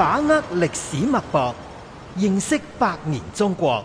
把握歷史脈搏，認識百年中國。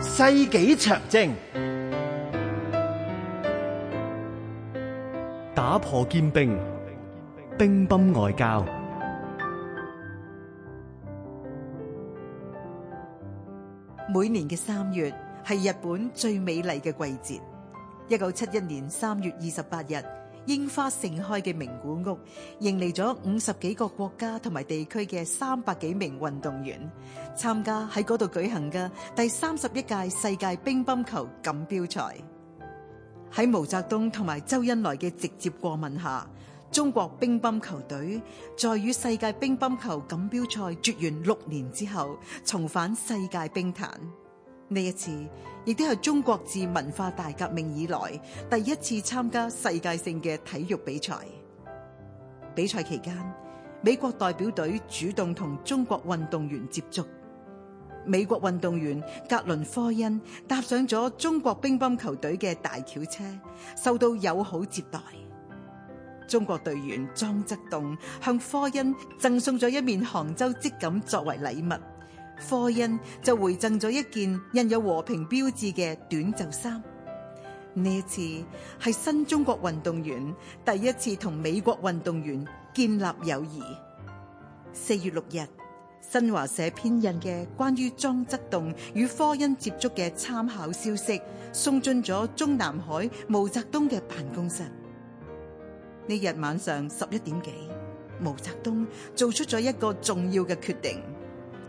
世紀長征，打破堅冰，乒乓外交。每年嘅三月係日本最美麗嘅季節。一九七一年三月二十八日。櫻花盛開嘅名古屋，迎嚟咗五十幾個國家同埋地區嘅三百幾名運動員參加喺嗰度舉行嘅第三十一屆世界乒乓球錦標賽。喺毛澤東同埋周恩來嘅直接過問下，中國乒乓球隊在與世界乒乓球錦標賽絕緣六年之後，重返世界乒壇。呢一次亦都係中國自文化大革命以來第一次參加世界性嘅體育比賽。比賽期間，美國代表隊主動同中國運動員接觸。美國運動員格倫科恩搭上咗中國乒乓球隊嘅大轎車，受到友好接待。中國隊員莊則棟向科恩贈送咗一面杭州織錦作為禮物。科恩就回贈咗一件印有和平標誌嘅短袖衫。呢一次係新中國運動員第一次同美國運動員建立友誼。四月六日，新華社編印嘅關於莊則棟與科恩接觸嘅參考消息送進咗中南海毛澤東嘅辦公室。呢日晚上十一點幾，毛澤東做出咗一個重要嘅決定。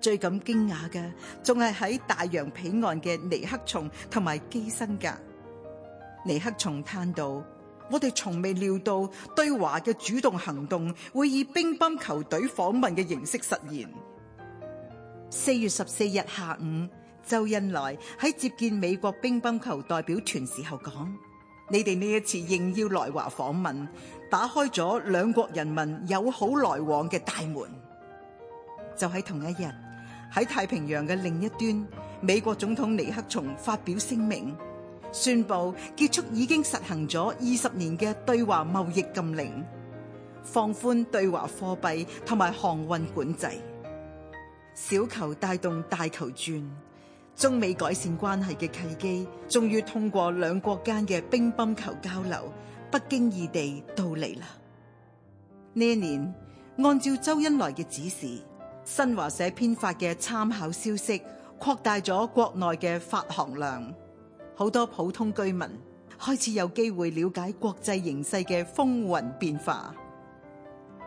最感驚訝嘅，仲係喺大洋彼岸嘅尼克松同埋基辛格。尼克松嘆道：「我哋從未料到對華嘅主動行動會以乒乓球隊訪問嘅形式實現。」四月十四日下午，周恩來喺接見美國乒乓球代表團時候講：「你哋呢一次應邀來華訪問，打開咗兩國人民友好來往嘅大門。」就喺同一日。喺太平洋嘅另一端，美國總統尼克松發表聲明，宣布結束已經實行咗二十年嘅對華貿易禁令，放寬對華貨幣同埋航運管制。小球帶動大球轉，中美改善關係嘅契機終於通過兩國間嘅乒乓球交流不經意地到嚟啦。呢一年，按照周恩來嘅指示，新華社編發嘅參考消息擴大咗國內嘅發行量，好多普通居民開始有機會了解國際形勢嘅風雲變化。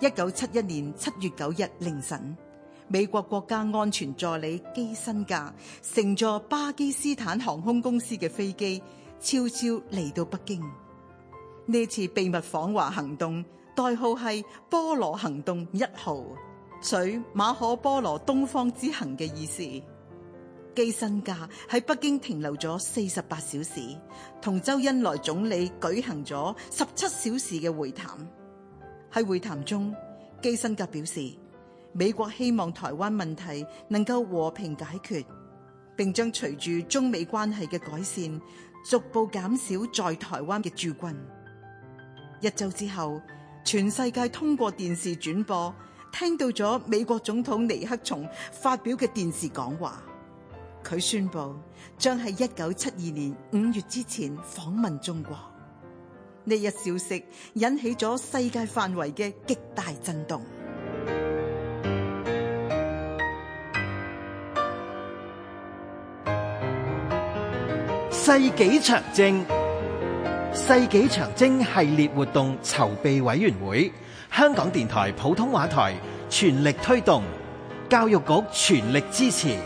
一九七一年七月九日凌晨，美國國家安全助理基辛格乘坐巴基斯坦航空公司嘅飛機，悄悄嚟到北京。呢次秘密訪華行動代號係“波羅行動一號”。取馬可波羅東方之行嘅意思，基辛格喺北京停留咗四十八小時，同周恩來總理舉行咗十七小時嘅會談。喺會談中，基辛格表示美國希望台灣問題能夠和平解決，並將隨住中美關係嘅改善，逐步減少在台灣嘅駐軍。一周之後，全世界通過電視轉播，聽到咗美國總統尼克松發表嘅電視講話，佢宣布將喺一九七二年五月之前訪問中國。呢一消息引起咗世界範圍嘅極大震動。世紀長征、世紀長征系列活動籌備委員會。香港電台普通話台全力推動，教育局全力支持。